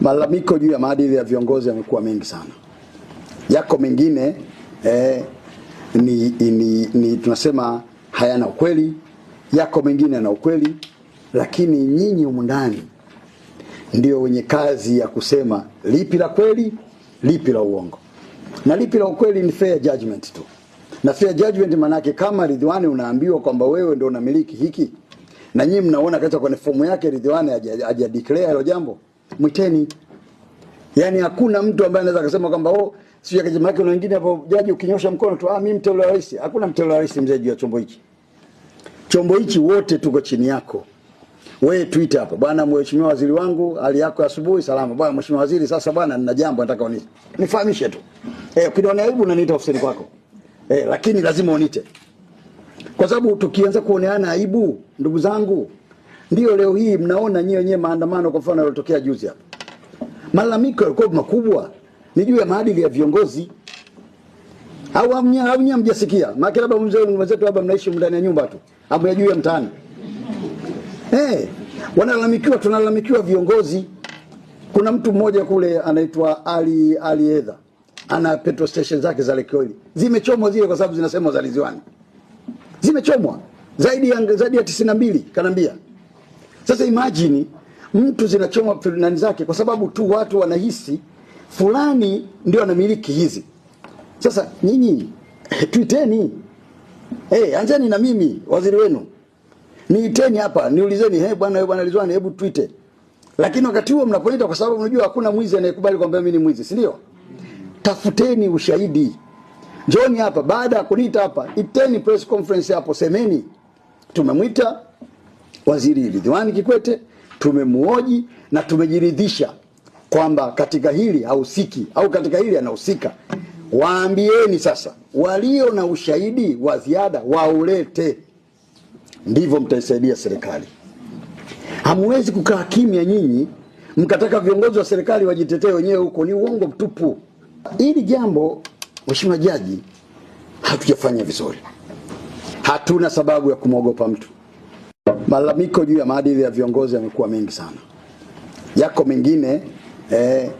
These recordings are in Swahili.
Malalamiko juu ya maadili ya viongozi yamekuwa mengi sana, yako mengine eh, ni, ni, ni tunasema hayana ukweli, yako mengine yana ukweli, lakini nyinyi humu ndani ndio wenye kazi ya kusema lipi la kweli, lipi la uongo na lipi la ukweli. Ni fair judgment tu, na fair judgment maanake, kama Ridhiwani unaambiwa kwamba wewe ndio unamiliki hiki na nyinyi mnaona katika kwenye fomu yake Ridhiwani haja declare hilo jambo mwiteni. Yani hakuna mtu ambaye anaweza kusema kwamba oh, sio ya jamaa yake. Wengine hapo jaji, ukinyosha mkono tu, ah, mimi mteule wa rais. Hakuna mteule wa rais mzee juu ya chombo hichi. Chombo hichi wote tuko chini yako. Wewe tuite hapa bwana, mheshimiwa waziri wangu, hali yako asubuhi salama. Bwana mheshimiwa waziri, sasa bwana, nina jambo nataka uniite. Nifahamishe tu. Eh, ukiniona aibu unaniita ofisini kwako. Eh, lakini lazima uniite. Kwa sababu tukianza kuoneana aibu, ndugu zangu, ndio leo hii mnaona nyewe wenyewe maandamano kwa mfano yalotokea juzi hapa. Malalamiko yalikuwa makubwa ni juu ya maadili ya viongozi. Au amnya au nyam jasikia Maana labda mzee mwenzetu hapa mnaishi ndani ya nyumba tu. hapo ya juu ya mtaani. Eh, hey, wanalalamikiwa tunalalamikiwa viongozi. Kuna mtu mmoja kule anaitwa Ali Ali Edha. Ana petrol station zake za Lake Oil. Zimechomwa zile kwa sababu zinasemwa za Liziwani Zimechomwa zaidi ya zaidi ya 92 kanambia. Sasa imagine mtu zinachoma nani zake kwa sababu tu watu wanahisi fulani ndio anamiliki hizi. Sasa nyinyi tuiteni, hey, eh, anjani na mimi waziri wenu niiteni hapa niulizeni, he bwana wewe bwana Ridhiwani, hebu tuite. Lakini wakati huo mnapoita, kwa sababu unajua hakuna mwizi anayekubali kwamba mimi ni mwizi, si ndio? Tafuteni ushahidi, njoni hapa. Baada ya kuniita hapa, iteni press conference hapo, semeni tumemwita Waziri Ridhiwani Kikwete, tumemuoji na tumejiridhisha kwamba katika hili hahusiki au katika hili anahusika. Waambieni sasa, walio na ushahidi wa ziada waulete, ndivyo mtaisaidia serikali. Hamwezi kukaa kimya nyinyi mkataka viongozi wa serikali wajitetee wenyewe huko, ni uongo mtupu. Hili jambo Mheshimiwa Jaji, hatujafanya vizuri. Hatuna sababu ya kumwogopa mtu. Malalamiko juu ya maadili ya viongozi yamekuwa mengi sana, yako mengine eh,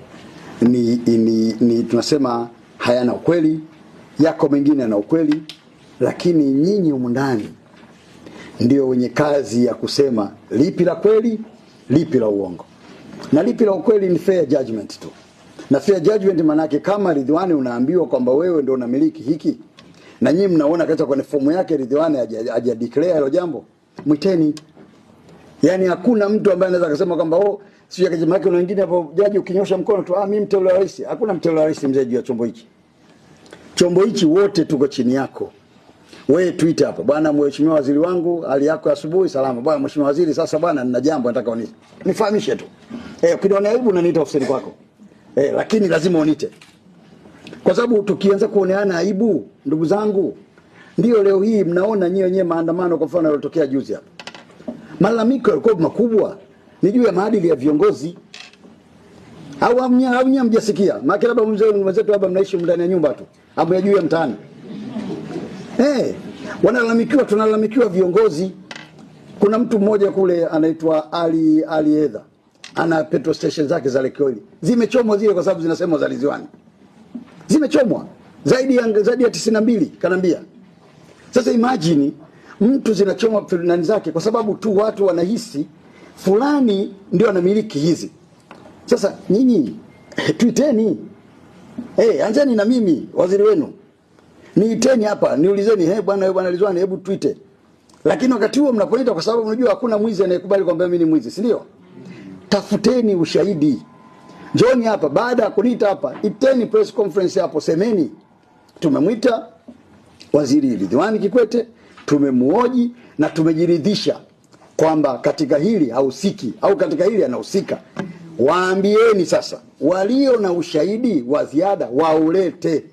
ni, ni, ni tunasema hayana ukweli, yako mengine yana ukweli, lakini nyinyi humu ndani ndio wenye kazi ya kusema lipi la kweli, lipi la uongo na lipi la ukweli. Ni fair judgment tu, na fair judgment maana yake kama Ridhiwani unaambiwa kwamba wewe ndio unamiliki hiki na nyinyi mnaona kacha kwenye fomu yake Ridhiwani haja declare hilo jambo mwiteni. Yani hakuna mtu ambaye anaweza kusema kwamba oh, sio ya jamaa yake. Kuna wengine hapo, jaji ukinyosha mkono tu, ah, mimi mteule wa rais. Hakuna mteule wa rais mzee juu ya chombo hiki. Chombo hiki wote tuko chini yako. Wewe tuite hapa bwana, mheshimiwa waziri wangu, hali yako asubuhi salama. Bwana mheshimiwa waziri, sasa bwana, nina jambo nataka uniite, nifahamishe tu eh. Ukiniona aibu unaniita ofisini kwako eh, lakini lazima uniite, kwa sababu tukianza kuoneana aibu, ndugu zangu ndio leo hii mnaona nyinyi wenyewe maandamano kwa mfano yalotokea juzi hapa. Malalamiko yalikuwa makubwa ni juu ya maadili ya viongozi. Au hamnya hamnya mjasikia. Maana labda mzee wenzetu hapa mnaishi ndani ya nyumba tu. Hapo ya juu ya mtaani. Eh, hey, wanalalamikiwa tunalalamikiwa viongozi. Kuna mtu mmoja kule anaitwa Ali Ali Edha. Ana petrol station zake za Lake Oil. Zimechomwa zile kwa sababu zinasemwa za Liziwani. Zimechomwa zaidi ya zaidi ya 92 kanambia sasa imagine mtu zinachoma fulani zake kwa sababu tu watu wanahisi fulani ndio anamiliki hizi. Sasa nyinyi tuiteni, hey, eh, anzeni na mimi waziri wenu niiteni hapa niulizeni, hey, bwana bwana Ridhiwani, hebu tuite. Lakini wakati huo mnapoita, kwa sababu unajua hakuna mwizi anayekubali kwamba mimi ni mwizi, si ndio? Tafuteni ushahidi, njoni hapa. Baada ya kuniita hapa, iteni press conference hapo, semeni tumemwita Waziri Ridhiwani Kikwete, tumemuoji na tumejiridhisha kwamba katika hili hahusiki au katika hili anahusika. Waambieni sasa, walio na ushahidi wa ziada waulete,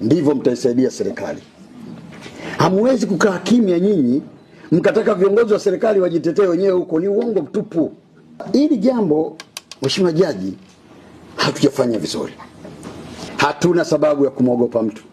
ndivyo mtaisaidia serikali. Hamwezi kukaa kimya nyinyi mkataka viongozi wa serikali wajitetee wenyewe huko, ni uongo mtupu. Hili jambo Mheshimiwa Jaji, hatujafanya vizuri. Hatuna sababu ya kumwogopa mtu.